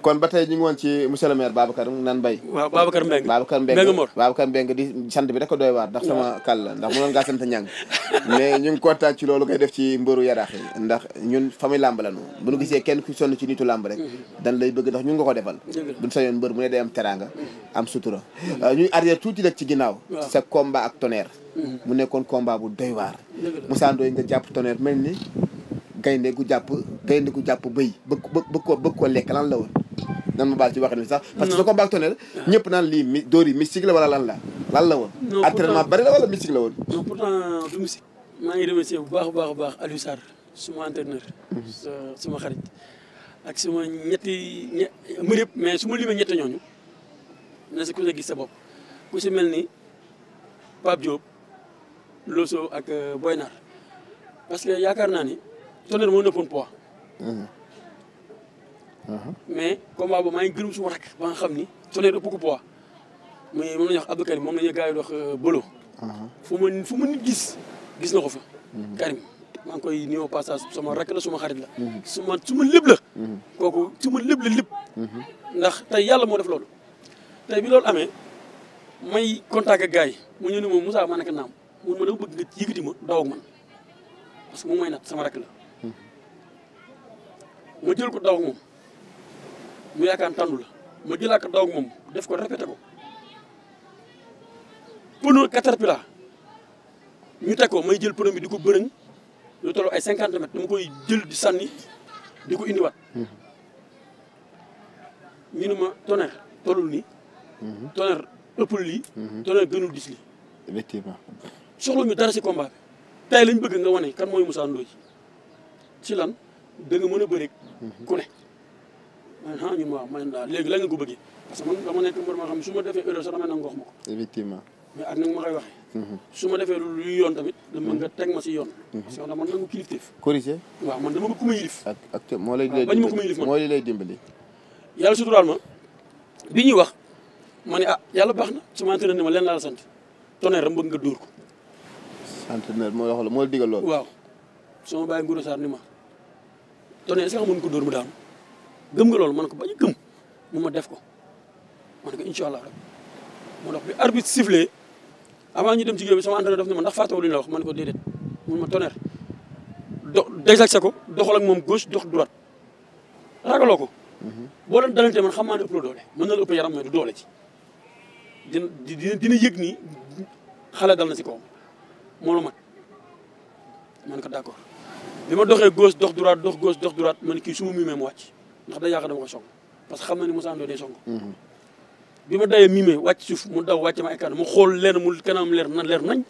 kon ba tey ñu ngi woon ci monsieur le maire Babacar nan Mbaye waaw Babacar Mbengue Babacar di sant bi rek ko doy waar ndax sama kàll la ndax mënoon ngaa sant ñàng mais ñu ngi kontaan ci loolu def ci mbëru yaraax ndax ñun famille làmb bu ñu gisee kenn ku sonn ci nitu làmb mm-hmm. dañ lay bëgg ndax ñun nga ko defal duñ sañoon mbër mu ne day am teraanga mm-hmm. am sutura euh, tuuti rek ci ginnaaw sa combat ak tonnerre mm-hmm. mu nekkoon combat bu doy waar Moussa nga jàpp tonnerre mel ni gaynde gu jàpp gaynde gu jàpp bëy bëgg ko bëgg ko lekk lan la woon nan ma baal ci waxin bi sax. parce que sa combat ak Tonnerre. ñëpp naan lii mi dóor yi mystique la wala lan la. lan la woon. entraînement bari la wala mystique la woon. non pourtant du mystique. maa ngi remercier bu baax a baax a baax Aliou Sarr suma entraîneur. suma xarit ak suma ñetti ñe mbir yëpp mais suma ma limee ñetti ñooñu na si ku si gis sa bopp ku si mel ni Pape Diop Loso ak euh, Boynar parce que yaakaar naa ni Tonnerre moo nëppoon poids. Mhm. mais combat ba maa ngi gërëm suma rakk ba nga xam ni tonnerre ëpp ko poids mais moom wax Abdou moom la ñuy gars yi wax bëlo euh, fu ma fu ma gis gis na ko fa Karim maa ngi koy nuyoo passage sama rakk la suma xarit la suma suma lépp la kooku suma lépp la lépp tey yàlla moo def loolu tey bi loolu amee may contact gars yi mu ñëw ne moom Moussa maa nekk naam mun ma dama bëgg nga yëkkati ma may nat sama rakk la ma jël ko daw moom mu yaakaar tàndu la ma jëlaat ko daw moom def ko répété ko. pneu caterpillar ñu teg ko may jël pneu bi di ko bërëñ lu toll ay cinquante mètres dama koy jël di sànni di ko indiwaat. ñu ne ma tonnerre tollul nii. tonnerre ëppul lii. tonnerre gënul gis lii. effectivement. soxla ñu dara si combat bi tey lañ bëgg nga wane kan mooy Moussa Ndoye ci lan danga mën a bëreeg ku ne. man ah daal léegi la nga ko bëggee parce que dama nekk mbir defee erreur ma ko. effectivement mais ma koy waxee. Mhm. yoon tamit. dama nga mhm. teg ma si yoon. Mhm. parce que man ma yilif. ak ak te moo lay. waaw bañ ma ku ma yilif man moo lay dimbali. yàlla suturaal ma bi ñuy wax ma ne ah yàlla baax na sama entraîneur ne ma leen laa la sant tonnerre am bëgg nga dóor ko. entraîneur moo la wax moo la digal loolu. waaw sama bàyyi Ngouroussar ni ma tonnerre est-ce que xam nga ko dóor mu daanu gëm nga loolu man ko bañ a gëm mu ma def ko man ko incha allah rek moo tax bi arbitre sifflé avant ñu dem si géew bi sama entraîneur daf ne ma ndax fàttewul lu ñu la wax man ko déedéet mun ma tonnerre do désaxé ko doxal ak moom gauche dox droite ragaloo ko. Mm-hmm. boo doon dalante man xam maa ne ëpp la doole mën na la ëpp yaram mais du doole ci dina dina dina yëg ni xale dal na si kawam moo la mag man ko d'accord bi ma doxee gauche dox droite dox gauche dox droite man kii su ma mimee ndax da yaakaar dama ko song parce que xam na ni saan Ndoye day song mhm. bi ma dayee mimé wàcc suuf mu daw wàcc ma ay kàddu mu xool leer mu kanam leer na leer nañ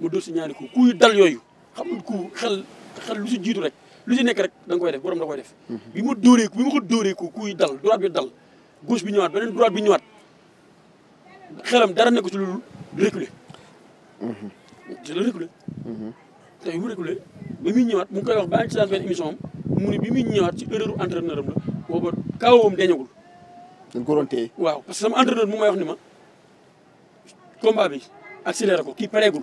mu dóor si ñaari coups kuy dal yooyu xam nga ku xel xel lu si jiitu rek lu si nekk rek da koy def borom da koy def mhm. bi ma dóoree ko dóoree ko kuy dal droite bi dal gauche bi ñëwaat beneen droite bi ñëwaat xelam dara nekk mhm. ci lu reculer di la reculer tey mu reculer ba muy ñëwaat mu ngi koy wax ba ci daan benn émission mu ne bi muy ñëwaat ci erreur entraîneur am la moo kaawam dañagul. dañ ko doon parce que sama entraîneur mu may wax ni ma combat bi ko kii pareegul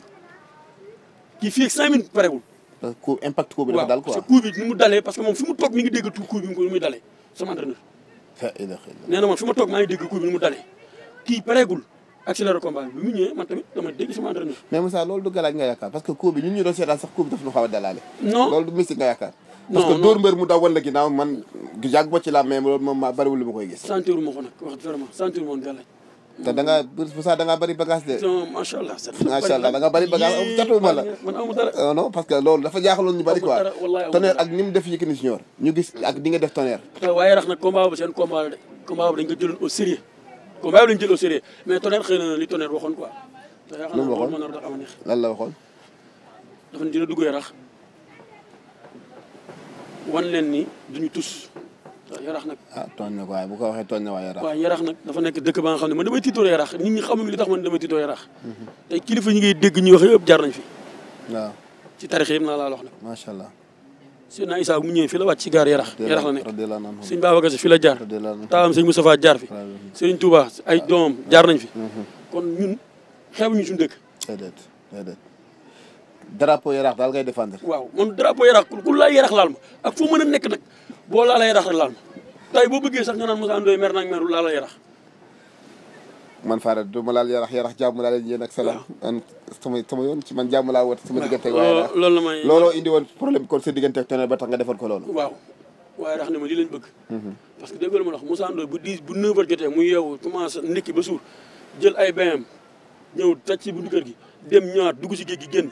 kii fii ak cinq minutes parce que waaw parce que moom fi mu toog na ma toog maa ngi dégg coup bi ni mu dalee kii pareegul. accéléré combat bi loolu du galaaj nga yaakaar parce que coup bi ñu doon seetaan sax coup daf ñu xaw a dalaale. non loolu du mystique nga yaakaar. parce que dóor mbër mu daw wala ginnaaw man yàgg ba ci laa mais loolu moom ma bariwul lu ma koy gis. sentir ma ko nag wax vraiment sentir ma woon gàllaaj. te da ngaa bu sax da ngaa bëri bagage de. macha allah macha allah da nga bëri bagage catuma la. man amul dara euh, non parce que loolu dafa jaaxaloon ñu bëri quoi. tonnerre ak ni mu def Yékini Junior ñu gis ak di nga def tonnerre. Euh, waaye rax nag combat boobu seen combat la de combat boobu dañ ko jëloon au sérieux combat bi lañ jël au sérieux mais tonnerre xëy na li tonnerre waxoon quoi. lu mu waxoon lan la waxoon. dafa dina dugg yarax wan leen ni duñu tus waaw yarax nag. ah na waaye bu ko waxee tooñ ne waaye yarax. waaw yarax nag dafa nekk dëkk baa nga xam ne man damay tiitoo yarax nit ñi xamuñu li tax ma damay tiitoo yarax. Mhm. tey kilifa ñi ngay dégg ñuy wax yëpp jaar nañ fi. waaw ci tarix yëpp naa laa wax nag. macha allah. Seydina Issa mu ñëwee fi la wàcc ci gaar yarax. yarax la nekk sëñ Babacar Si fi la jaar. taawam sëñ Moustapha jaar fi. sëñ Touba ay doomam jaar nañ fi. Mhm. kon ñun ñu suñu dëkk. déedéet drapeau yaraax daal ngay défendre. waaw man drapeau yaraax ku laal yaraax laal ma ak foo mën a nekk nag boo laala yaraax rek laal ma tey boo bëggee sax nga naan Moussa Ndoye mer naag merul laala man Fara du ma laal yarax yarax jàmm laa leen yéen an man jàmm laa woote sama diggante. waaw loolu la may looloo indi woon problème bi kon sa diggante ak tonnerre ba tax nga defoon ko loolu. waaw waaye rax ne ma li leen bëgg. Mhm. parce que dégg nga ma wax Moussa Ndoye bu 10 bu 9h jotee mu yeewu commencé ndekki ba suur jël ay ñëw taj si buntu kër gi dem ñaar dugg si géej gi génn.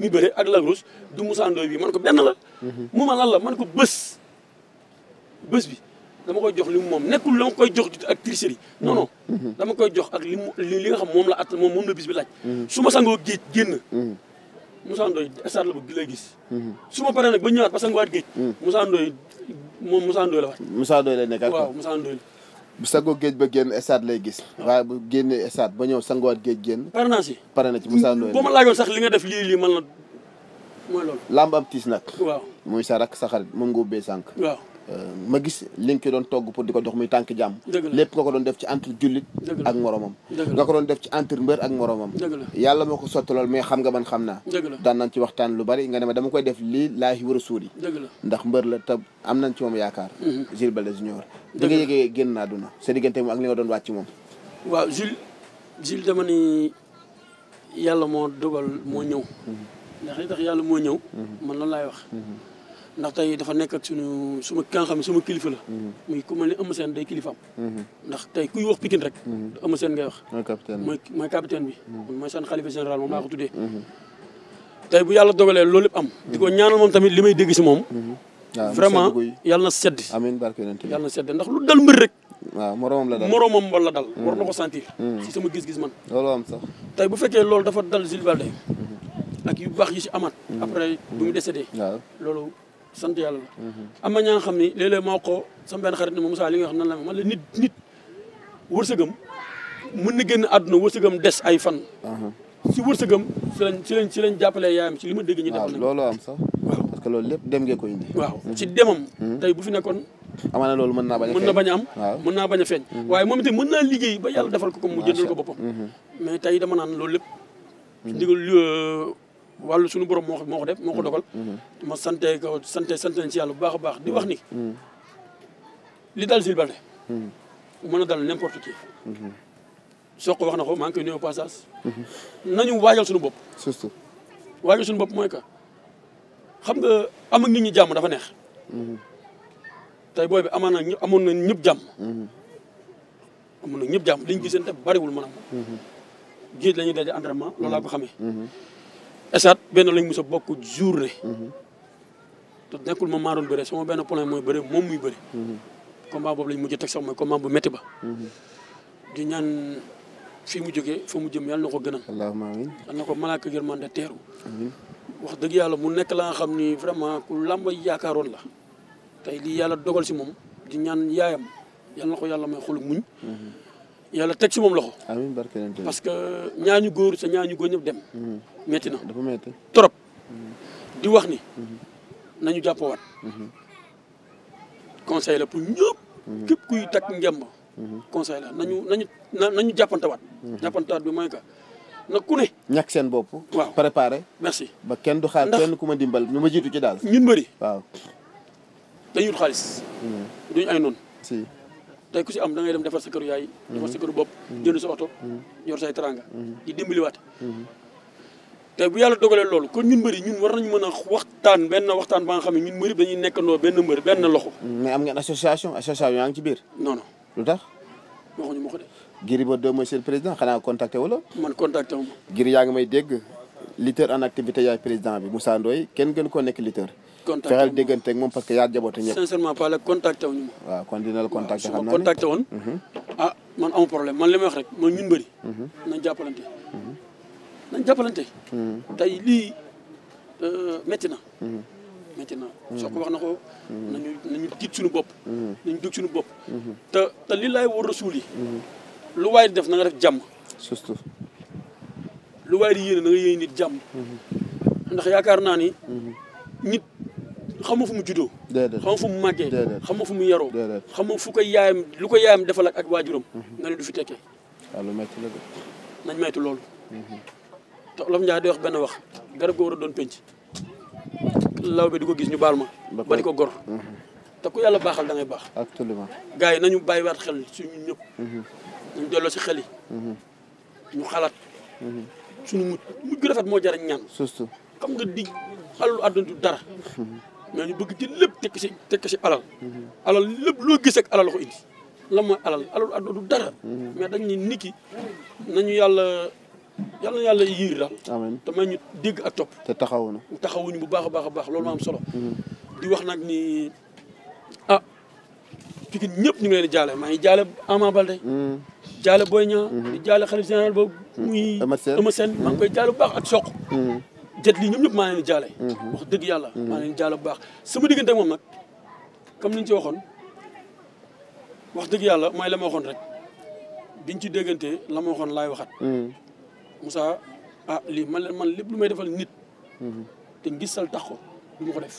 mu bëre ak Lac Rose du Moussa Ndoye bi man ko benn la. Mhm. mu ma la man ko bés. bés bi dama ko jox li mu moom nekkul la ma koy jox ak tricherie mhm. non non. Mhm. dama koy jox ak li mu li nga xam moom la at moom moom la bis bi laaj. su ma sangoo géej génn. Moussa Ndoye stade la bëgg di gis. su ma paree nag ba ñëwaat ba sanguwaat géej. Moussa Ndoye moom Moussa Ndoye la wax. Moussa Ndoye la nekk ak waaw Moussa bu sago géej ba génn stade lay gis. waaye bu génnee stade ba ñëw sangowaat géej génn. pare naa si pare na ci Moussa Ndoye. boo ma laajoon sax li nga def lii lii man la mooy loolu. tiis nag. waaw muy sa rakk sa xarit moom nga ubbee sànq. Euh, ma gis li doon togg pour di ko jox muy tànk jàmm lépp nga ko doon def ci entre jullit ak moromam nga ko doon def ci entre mbër ak moromam yàlla moo ko sotti mais xam nga man xam naa daan nañ ci waxtaan lu bari nga ne ma dama koy def lii laahi war a suuri ndax mbër la te am nañ ci moom yaakaar mhm. Jules Baldé Junior da nga yëgee génn naa duna sa diggante moom ak li nga doon wàcc moom waaw Jules Jules dama ni yàlla moo dogal moo ñëw mhm. ndax li tax yàlla moo ñëw mhm. man loolu laay wax ndax tey dafa nekk ak suñu suma ki nga xam suma kilifa la. Mhm. muy ku mel ne Eumeu day kilifaam. Mhm. ndax tey kuy wax Pikine rek. Mhm. Eumeu seen ngay wax. mooy capitaine bi mooy mooy capitaine bi. mooy seen xalifa général moom laa ko tuddee. bu yàlla dogalee loolu lépp am. di ko ñaanal moom tamit li may dégg si moom. vraiment yàlla na sedd. amiin barke yàlla na sedd ndax lu dal mbir rek. waaw moromam la dal moromam wala dal. war na ko sentir. si sama gis-gis man. loolu am sax. tey bu fekkee loolu dafa dal Jules Baldé ak yu si amaat. sant yàlla la am na ñaa nga xam ni léeg-léeg moo ko sama benn xarit ne ma Moussa a nga wax la man la nit nit wërsëgam mën na génn àdduna wërsëgam des ay fan si wërsëgam si lañ si lañ si lañ jàppalee yaayam si li dégg ñu def na loolu am sax parce que loolu lépp dem ngeen ko indi waaw si demam hmm. tey bu fi nekkoon amaana loolu mën naa bañ a mën na bañ a am mën naa bañ a feeñ hmm. waaye moom itam mën naa liggéey ba yàlla defal ko comme mu jëndal ko boppam hmm. wàllu suñu borom moo ko moo ko def moo ko mm-hmm. dogal mm-hmm. ma sante ko sante sant nañ ci yàlla bu baax a baax di wax ni mm-hmm. li dal Jules Baldé mën a dal n'importe qui soo wax na ko maa ngi koy nuyu passage nañu waajal suñu bopp surtout waajal suñu bopp mooy que xam nga am ak nit ñi jàmm dafa neex tey booy bi amaan na amoon na ñëpp jàmm amoon na ñëpp jàmm liñ gisante bariwul maanaam géej la ñuy daje entraînement loolu laa ko xamee esaat benn lañ mos a bokk journée. Mhm. te nekkul moom maa doon bëre sama benn problème mooy bëre moom muy bëre. Mhm. combat boobu lañ mujj a teg sax mooy combat bu métti ba. Mhm. ñaan fii mu jógee fa mu jëm yàlla na ko gënal. allahumma amiin ko malaaka yërmande teeru. wax dëgg yàlla mu nekk la xam ni vraiment ku làmb yaakaaroon la tey lii yàlla dogal si moom di ñaan yaayam yàlla na ko yàlla may xolu yàlla teg si moom loxo. amiin parce que ñaañu góor sa ñaañu góor ñëpp dem. metti na dafa metti trop di wax ni nañu jàppawaat conseil la pour ñëpp kuy takk ngemb conseil la nañu nañu nañu jàppantewaat jàppantewaat bi mooy que na ku ne ñàkk seen bopp waaw préparé merci ba kenn du xaar kenn ku ma dimbal ñu ma jiitu ci daal ñun bëri waaw dañuy wut xaalis duñu ay noonu si ku si am da ngay dem defar sa këru yaay defar sa këru bopp jënd sa oto mm-hmm. yor say teranga mm-hmm. di dimbaliwaat mm-hmm. te bu yàlla dogalee lool kon ñun mbëri ñun war nañu mën a waxtaan benn waxtaan ba nga xam ne ñun mbëri dañuy nekkandoo benn mbëri benn loxo. mais am ngeen association association yaa ci biir. non non lu tax. waxuñu ma ko de. Giri Bordeaux mooy seen président xanaa contacté wala. man contacté wu ma. Giri yaa ngi may dégg lutteur en activité yaay président bi Moussa Ndoye kenn gën koo nekk lutteur. contacté wu fexeel déggante ak moom parce que yaa jaboote ñëpp. sincèrement pas la contacté wu ñu ma. waaw kon dina la contacté ma contacté woon. Mhm. ah man amu problème man li may man ñun mbëri. Mhm. nañ jàppalante. Hmm. tey lii euh, métti na. métti hmm. na hmm. soxna wax na ko. nañu nañu diit suñu bopp. nañu bopp. te te li laay war rasuul lu waay di def na nga def jàmm. surtout. lu waay di yéene na nga yéene nit jàmm. ndax yaakaar naa ni. nit xamoo fu mu juddoo. déedéet xamoo fu mu màggee. déedéet xamoo fu mu yaroo. déedéet xamoo fu ko yaayam lu ko yaayam defal ak waajuram. nga ne du fi tekkee. waaw ah, lu métti la de. nañ moytu loolu. te olof Ndiaye di wax benn wax garab goo war a doon penc law bi di ko gis ñu baal ma. ba di ko gor. Mhm. te ku yàlla baaxal da ngay baax. absolument gars yi nañu bàyyiwaat xel si ñun ñëpp. Mhm. ñu delloo si xel yi. Mhm. ñu xalaat. suñu mujj mujj rafet moo jarañ ñaan. surtout xam nga di alalu àdduna du dara. mais ñu bëgg ci lépp tekki si tekki si alal. alal lépp loo gis ak ko indi. lan mooy alal nañu yàlla. yàlla yàlla yiir daal amiin te may dégg a topp te taxawu na taxawuñu bu baax a baax a baax loolu ma am solo mm-hmm. di wax nag ni a ah, Pikine ñëpp ñu ngi jaale maa ngi jaale Ama Baldé mm-hmm. jaale booy Niang mm-hmm. di jaale xalif boobu ba muy Eumeu Sène maa ngi koy jaale bu baax ak Sokh jet lii ñoom ñëpp maa leen di jaale wax dëgg yàlla maa leen di bu baax sama diggante moom nag comme ni ci waxoon wax dëgg yàlla mooy la ma waxoon rek biñ ci déggante lama ma waxoon laay waxat Moussa ah lii man leen man lépp lu may defal nit. Mhm. te ngisal tax ko du ma ko def.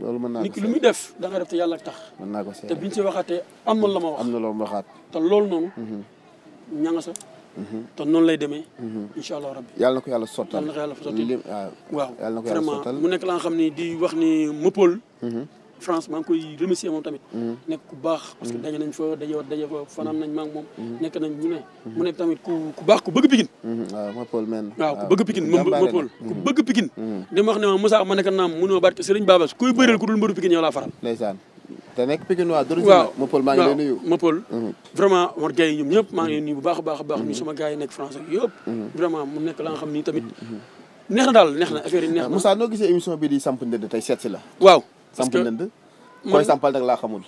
mën naa nit ki lu muy def da def te yàlla tax. mën naa ko te biñ ci waxaatee am na la ma wax am na loo ma te loolu noonu. Mhm. ñanga sa. Mhm. te noonu lay demee. incha allah rabbi yàlla ko yàlla sottal na ko yàlla sottal ah, waaw. yàlla na ko yàlla sottal mu nekk la nga xam ni di wax ni mëppool. France maa ngi koy remercier moom tamit. Mm-hmm. nekk ku baax. parce que daje nañ fa daje wa daje fa fanaan nañ mm-hmm. nañ ñu ne. mu nekk ku baax ku bëgg Pikine. waaw mm-hmm. ah, ma Paul men waaw ku ah, bëgg Pikine ma ma Paul ku bëgg Pikine. dama wax ne ma Moussa ma nekk naam baax a baax a baax ñu sama mu ni tamit neex na daal neex na affaire yi neex ah, na. Moussa noo gisee émission bi di samp ndënd tey seet si la sampal ndënd koy sampal nag laa xamul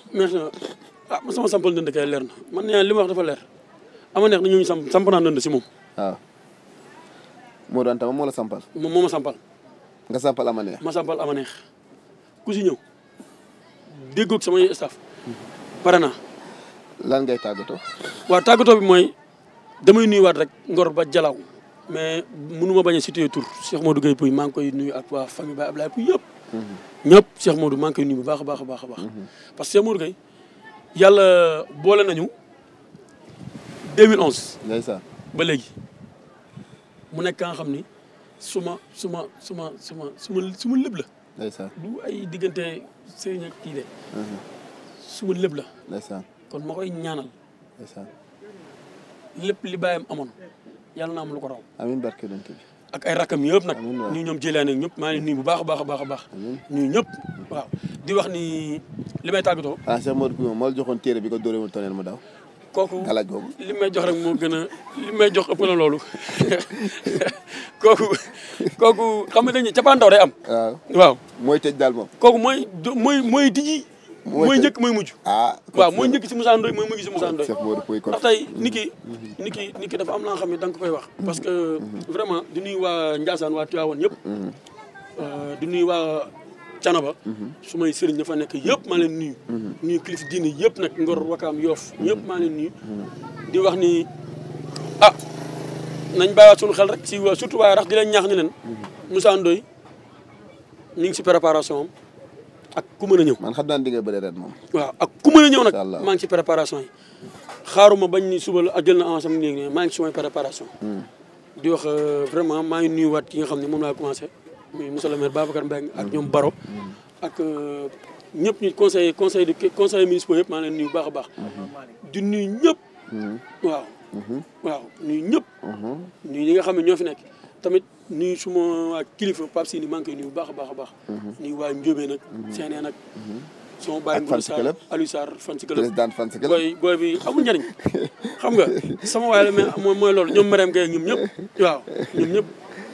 ah ndënd kay leer na man nee li ma wax dafa leer ama neex na ñooñu samp samp si moom ah. doon tamit moo sampal moom moo sampal nga sampal ama ma sampal ama ku si ñëw déggoog samay staff pare naa lan ngay tàggatoo waa tàggatoo bi mooy damay nuyuwaat rek ngor ba jalaaw mais mënu bañ a cité tur Cheikh Modou Gueye Pouy maa ngi koy nuyu ak waa famille yëpp ñëpp Cheikh Modou maa ngi koy nuyu bu baax a baax a baax a parce que Cheikh Modou kay yàlla boole nañu 2011. ndeysaan ba léegi mu nekk ka nga xam ni suma suma suma suma suma suma lépp la. ndeysaan du ay diggante sëriñ ak kii de. Mhm. suma lépp la. ndeysaan kon ma koy ñaanal. lépp li bàyyam amoon yàlla na am lu ko raw. amiin barke dante bi. ak ay rakam yëpp nag ñu ñoom jëlee nag ñëpp maa ngi nuyu bu baax a baax a baax a baax ñëpp waaw di wax ni li may tàggatoo ah Cheikh Modou Coumba moo la joxoon téere bi ko dóoree woon toneel mu daaw kooku alaaj boobu li may jox rek moo gën a li may jox ëpp na loolu kooku kooku xam nga dañuy cappaandaw day am waaw waaw mooy tëj daal moom kooku mooy mooy mooy di mooy njëkk mooy mujj ah waaw mooy njëkk si Moussa Ndoye mooy mujj si Moussa Ndoye ndax tey ni ki ni ki ni ki dafa am laa xam ne da koy wax mm-hmm. parce que mm-hmm. vraiment di nuyu waa Ndiassane waa Tivaouane yëpp mm-hmm. euh, di nuyu waa Canaba su may sëriñ fa nekk yëpp ma leen nuyu nuyu kilifa diine yëpp nag Ngor Wakaam Yoof ñëpp maa leen nuyu di wax nii a ah, nañ bàyyiwaat suñu xel rek si surtout waa rax di leen ñaax ni leen Moussa Ndoye mi ngi si préparation am ak ku mën a ñëw. man xam naa ne di moom. waaw ak ku mën a ñëw nag. maa ngi ci préparation yi. xaaruma bañ ni suba la jël na avance am léegi maa ngi ci hmm. di wax euh, vraiment maa ngi nuyuwaat ki nga xam ne moom laa commencé. muy monsieur le maire Babacar Mbengue ak ñoom Baro. Hmm. ak euh, ñëpp ñu conseil conseil de conseil municipal yëpp maa leen nuyu baax a baax. Hmm. di nuyu ñëpp. waaw. waaw nuyu ñëpp. nuyu ñi nga xam ne ñoo fi nekk tamit. nuyu suma ak kilifa Pape Sini maa ngi koy nuyu bu baax a baax a baax. Mhm. nuyu waa Ndiobé nag. Mhm. Séné nag. son bàyyi Mbour Sarr Aliou Sarr fan si club président fan si club booy booy bi amul njëriñ xam nga sama waay la mais mooy mooy loolu ñoom Marème Gueye ñoom ñëpp waaw ñoom ñëpp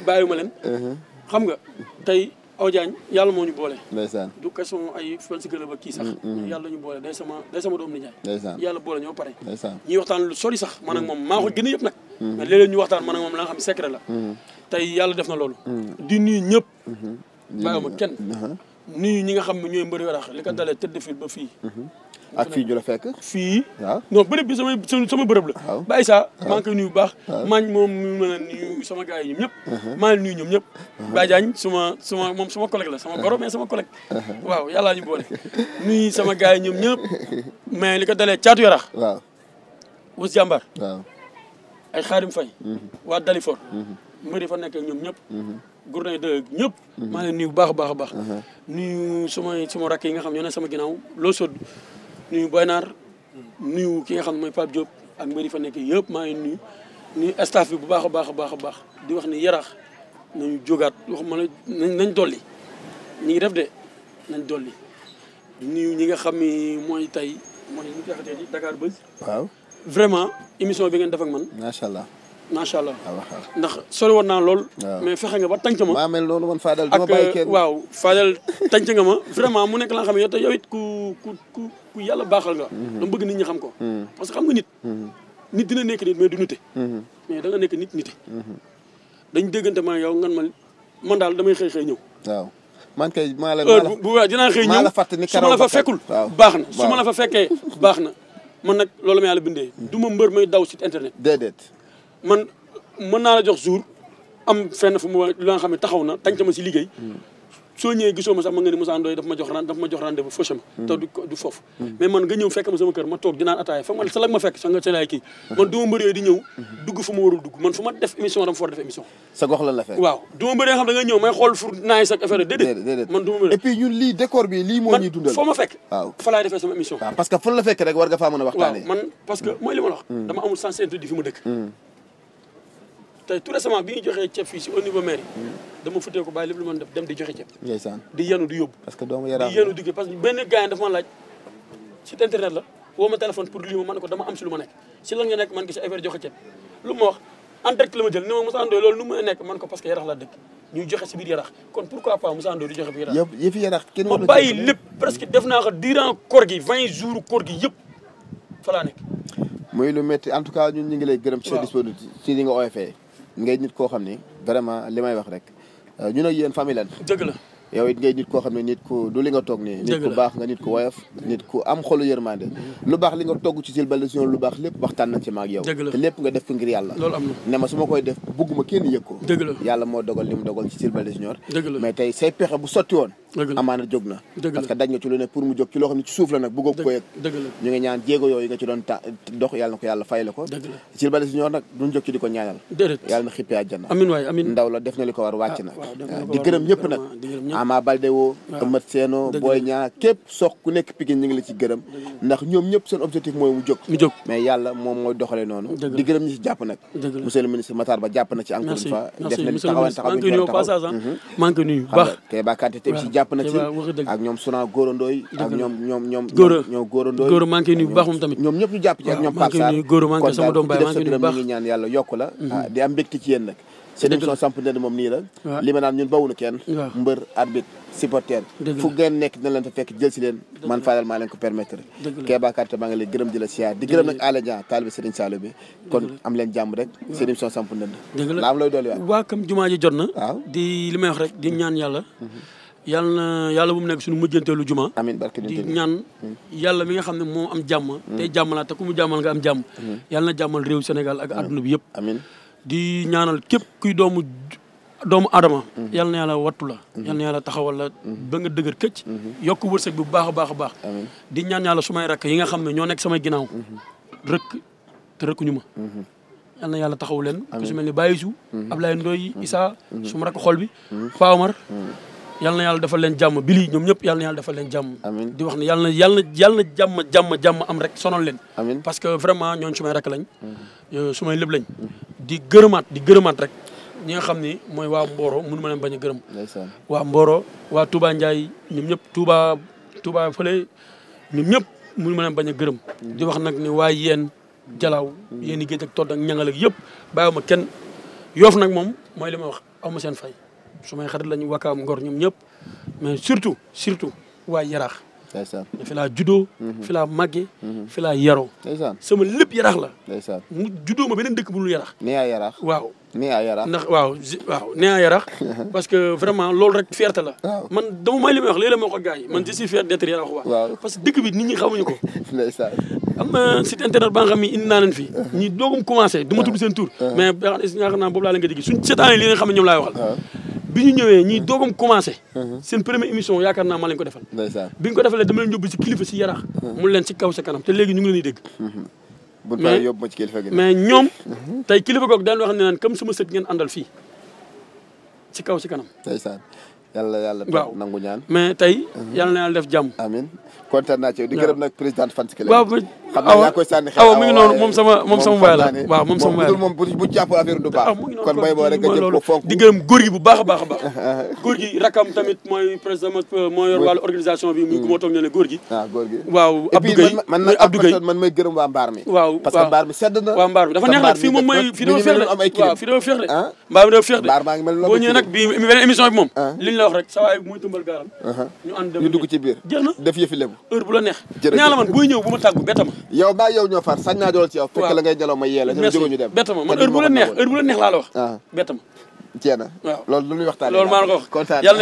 bàyyiwuma leen. Mhm. xam nga tey a Diagne yàlla moo ñu boole. ndeysaan du question ay fan si club ak kii sax. Mm-hmm. Mm-hmm. yàlla ñu day sama doom di yàlla boole ñoo pare. ndeysaan waxtaan lu sori sax man ak moom mm-hmm. maa ko gën a yëpp nag. mais léeg ñu waxtaan man ak moom la nga xam secret la. tey yàlla def na loolu. Hmm. di nuyu ñëpp. Hmm. bàyyi ma kenn. Uh-huh. nuyu ñi nga xam ne ñooy mbëri yaraax li ko dalee tëdd fii ba fii. Hmm. ak fii ñu la fekk. fii. waaw non bërëb bi samay sama bërëb la. waaw ba Aïssa maa ngi nuyu baax. sama gars yi ñëpp. Uh-huh. maa ngi ñoom ñëpp. Uh-huh. Baye Diagne suma suma moom suma collègue sama goro mais sama collègue. waaw yàllaa ñu boole. nuyu sama gars yi ñoom ñëpp. mais li ko dalee caatu yaraax. waaw. Wus Jàmbaar. waaw. ay Xaadim Fay. Mm-hmm. waa Dalifor. Mm-hmm. mbëri fa nekk ak ñoom ñëpp mhm. gournay de ñëpp mhm. maa leen nuyu bu baax a baax a baax mhm. nuyu suma suma rakk yi nga xam ñoo ne sama ginnaaw loo sod nuyu Boynaar nuyu ki nga xam ne mooy Pape Diop ak mbëri fa nekk yëpp maa leen nii nuyu staff bi bu baax a baax baax a baax di wax ni yarax nañu jógaat wax ma la nañ dolli ñi ngi def de nañ dolli nuyu ñi nga xam ni mooy tey mooy ñu jaxatee di Dakar Buzz waaw vraiment émission bi ngeen def ak man macha allah macha allah ndax sori woon naa lool. mais fexe nga ba tànc ma. maa mel noonu man Fadel dama bàyyi kenn waaw Fadel tànc nga ma vraiment mu nekk la nga xam ne yow te yow ku ku yàlla baaxal nga. Mhm. dama bëgg nit ñi xam ko. Mhm. parce que xam nga nit. Mhm. nit dina nekk nit mais du nite. mais da nga nekk nit nite. dañ déggante ma yow ngan ma man daal damay xëy xëy ñëw. waaw man kay maa la bu bu dinaa xëy ñëw su ma la fa fekkul baax na su ma la fa fekkee baax na man nag loolu ma yàlla bindee. du ma mbër may daw sit internet. déedéet. man mën naa la jox jour am fenn fu mu lu nga xam na tànc ma si ma sax ma nga ni mm. foofu. Mm. ma fekk foo ma defee sama émission. parce que fu la fekk rek war nga faa mën a waxtaanee. waaw man parce que mm. mooy li ma la dama amul sens interdit fi ma dëkk te tout récemment bi ñu joxee ceeb fii si au niveau mairie hmm. dama futee ko bàyyi lépp lu mën def dem di joxe ceeb ndeysaan di yenu di yóbbu parce que doomu yaram di yenu di parce que benn gars yi dafa ma laaj site pour lii ma mu nekk man ko que yarax laa dëkk ñuy joxe si biir ma bàyyi lépp presque def naa ko durant koor vingt jours koor gi yëpp nekk muy lu métti en tout cas ñu ngi lay gërëm ci sa disponibilité ngay nit koo xam ni vraiment li may wax rek euh, ñun ak yéen famille lan dëgg la yaw it ngay nit koo xam ne nit ku du li nga toog nii nit ku baax nga nit ku woyof nit ku am xolu yërmande lu baax li nga ci Jules Baldé Junior lu baax lépp waxtaan nañ ci maag yow te lépp nga def ko ngir yàlla na ne ma su ma koy def bugguma kenn yëg ko dëgg la yàlla moo dogal li mu dogal ci Jules Baldé Junior mais tey say bu sotti woon amaana jóg na parce que daj nga ci ne pour mu jóg ci loo xam ne suuf la nag bëggoo ko yëg ñu ngi ñaan jéego yooyu nga ci doon ta dox Ama Balde woo. waaw Eumeu Sène oo Boy Niang ku nekk Pikine ñu ngi la ci gërëm. ndax ñoom ñëpp seen objectif mooy mu jóg. mu jóg yàlla moom mooy doxalee noonu. di gërëm ñi ci jàpp nag. monsieur le ministre Matar Ba na ci encore une fois. def nañ taxawaay taxaw bi ñu nuyu mm-hmm. baax Kéba Kanté tamit ci jàpp na ci ak ñoom Suna Goro Ndoy ak ñoom ñoom ñoom. Goro ñoom Goro Ndoy Goro nuyu baax moom tamit. ñoom ñëpp ñu jàpp ci ak ñoom Pape kon daal ku ci def sa ñu ñaan yàlla yokk la mm-hmm. ah, di am mbégte ci yéen nag seen émission samp moom nii la li ma naan ñun bawunu kenn mbër arbitre supporter fu ngeen nekk dina leen fa fekk jël si leen man Fadel maa leen ko permettre Kéba Karta maa ngi leen gërëm di la siyaar di gërëm nag Alla Dia taalibe Serigne am leen jàmm rek seen émission samp ndënd la am looy dool waay waa kam jumaa ji jot na waaw di li may ñaan yàlla mhm. yàlla na yàlla bu mu nekk suñu mujjanteelu juma. amiin barke di ñaan mhm. yàlla mi nga xam ne moo am jàmm. Mhm. tey jàmm laa te ku mu jàmmal nga am jàmm. yàlla na jàmmal réew Sénégal ak adduna bi yëpp. amiin di ñaanal képp kuy doomu doomu Adama. Mhm. yal na yàlla wattu la. Mhm. yal na yàlla taxawal la. Mhm. ba nga dëgër këcc. yokk wërsëg bi bu baax a baax a baax. di ñaan yàlla sumay rakk yi nga xam ne ñoo nekk samay ginnaaw. rëkk te rëkkuñu ma. yal na yàlla taxaw leen. ku si mel ni Baye Su. Ablaye Ndoye Issa. suma rakk xol bi Paa yal na yàlla defal leen jàmm bili ñoom ñëpp yal na yàlla defal leen jàmm di wax ne yal na yal na yal jàmm jàmm jàmm am rek sonal leen parce que vraiment ñooñu su may rek lañ mm-hmm. su may lépp lañ di gërëmaat di gërëmaat rek ñi nga xam ni mooy waa Mboro mënu ma leen bañ a gërëm waa Mboro waa Touba Ndiaye ñoom ñëpp Touba Touba fële ñoom ñëpp mënu ma leen bañ a gërëm mm-hmm. di wax nag ni waa yéen jalaaw mm-hmm. yéen i géej ak todd ak ñangal ak yëpp kenn yoof nag moom mooy li ma wax aw ma seen fay sumay xarit lañu wakkaam ngor ñoom ñëpp mais surtout surtout waa yaraax fi laa juddoo mhm. fi laa màggee mhm. fi laa yaroo sama lépp yaraax la mu juddoo ma beneen dëkk bu dul yaraax nee a yaraax waaw nee a yaraax ndax waaw waaw nee a yaraax parce que vraiment loolu rek fierté la man dama may li may wax léeg-léeg moo ko gars yi man je suis fier yaraax waaw parce dëkk bi nit ñi xamuñu ko am na site internet ba nga xam ne indi naa leen uh-huh. ñi doogum commencé du ma uh-huh. seen tur uh-huh. mais yaakaar naa boobu laa leen nga xam ne ñoom laay bi ñu ñëwee ñii mmh. doogam commencé. Mmh. seen première émission yaakaar naa ma lañ ko defal. bi ñu ko defalee dama leen yóbbu si kilifa si yaraax. Mmh. mu leen si kaw sa kanam te léegi ñu ngi leen di dégg. bu ñu yóbbu ma ci kilifa gi mais ñoom. tey kilifa googu dañ wax ne naan comme suma sët ngeen àndal fii si kaw si kanam. yàlla yàlla waaw nangu ñaan mais tey mhm. yàlla na yàlla def jàmm amiin kontaan naa ci di gërëm nag présidente Fanta xam naa koy sànni xel awa mu moom sama moom sama moom sama waay la moom bu jàpp affaire du ah, bu baax a baax a rakam tamit mooy président moo organisation bi muy ku ma toog ñu ah, waaw góor man may gërëm waa mbaar mi waaw parce mbaar mi sedd na waaw mbaar mi dafa neex nag fii moom mooy fii dafa feex de waaw fii dafa feex de mbaar mi dafa feex de boo ñëwee nag la wax rek sa waay mooy tëmbal gaaram ñu ànd dem ñu na def yëfi la bu ma tàggu bett ma yow maa yow ñoo far sañ naa dool ci la bu la neex heure bu la neex laa la wax yal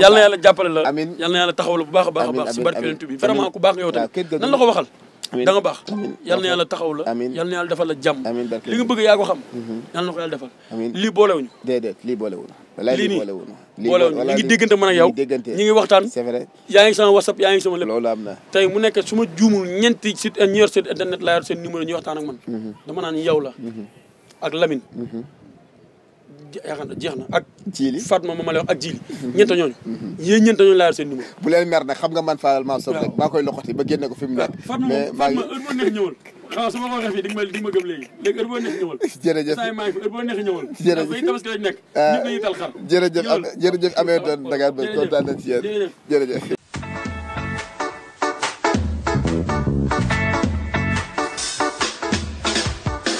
na yal taxaw la bu baax a baax a si barke yonent bi vraiment ku baax nga da nga baax yal defal la jàmm li bëgg yaa xam mhm. yal na ko defal lii boolewuñu déedéet lii lii nii boole ñu ngi déggante man ak yow ñu ngi waxtaan yaa ngi sama whatsapp yaa ngi sama lépp loolu am na tey mu nekk su ma juumul ñeenti site eh, ñi yor site internet laa yor seen numéro ñuy waxtaan ak man mhm. dama naan yow la mhm. ak Lamine mhm. yaakaar na jeex na ak jili Fatma moom ma lay wax ak jili ñeenta ñooñu yéen ñeenta ñooñu laa yor seen numéro bu leen mer nag xam nga man faal maa soog rek maa koy loxoti ba génne ko fi mu nekk mais maa ma neex ñëwal xam su ma ko waxee fii di nga ma di nga ma gëm léegi léegi heure boo neex ñëwal jërëjëf saa yi maa ngi fi heure boo neex ñëwal jërëjëf bay tabaski lañ nekk ah, ñëpp dañuy tal xar jërëjëf jërëjëf amee doon Dakar ba kontaan nañ ci yéen jërëjëf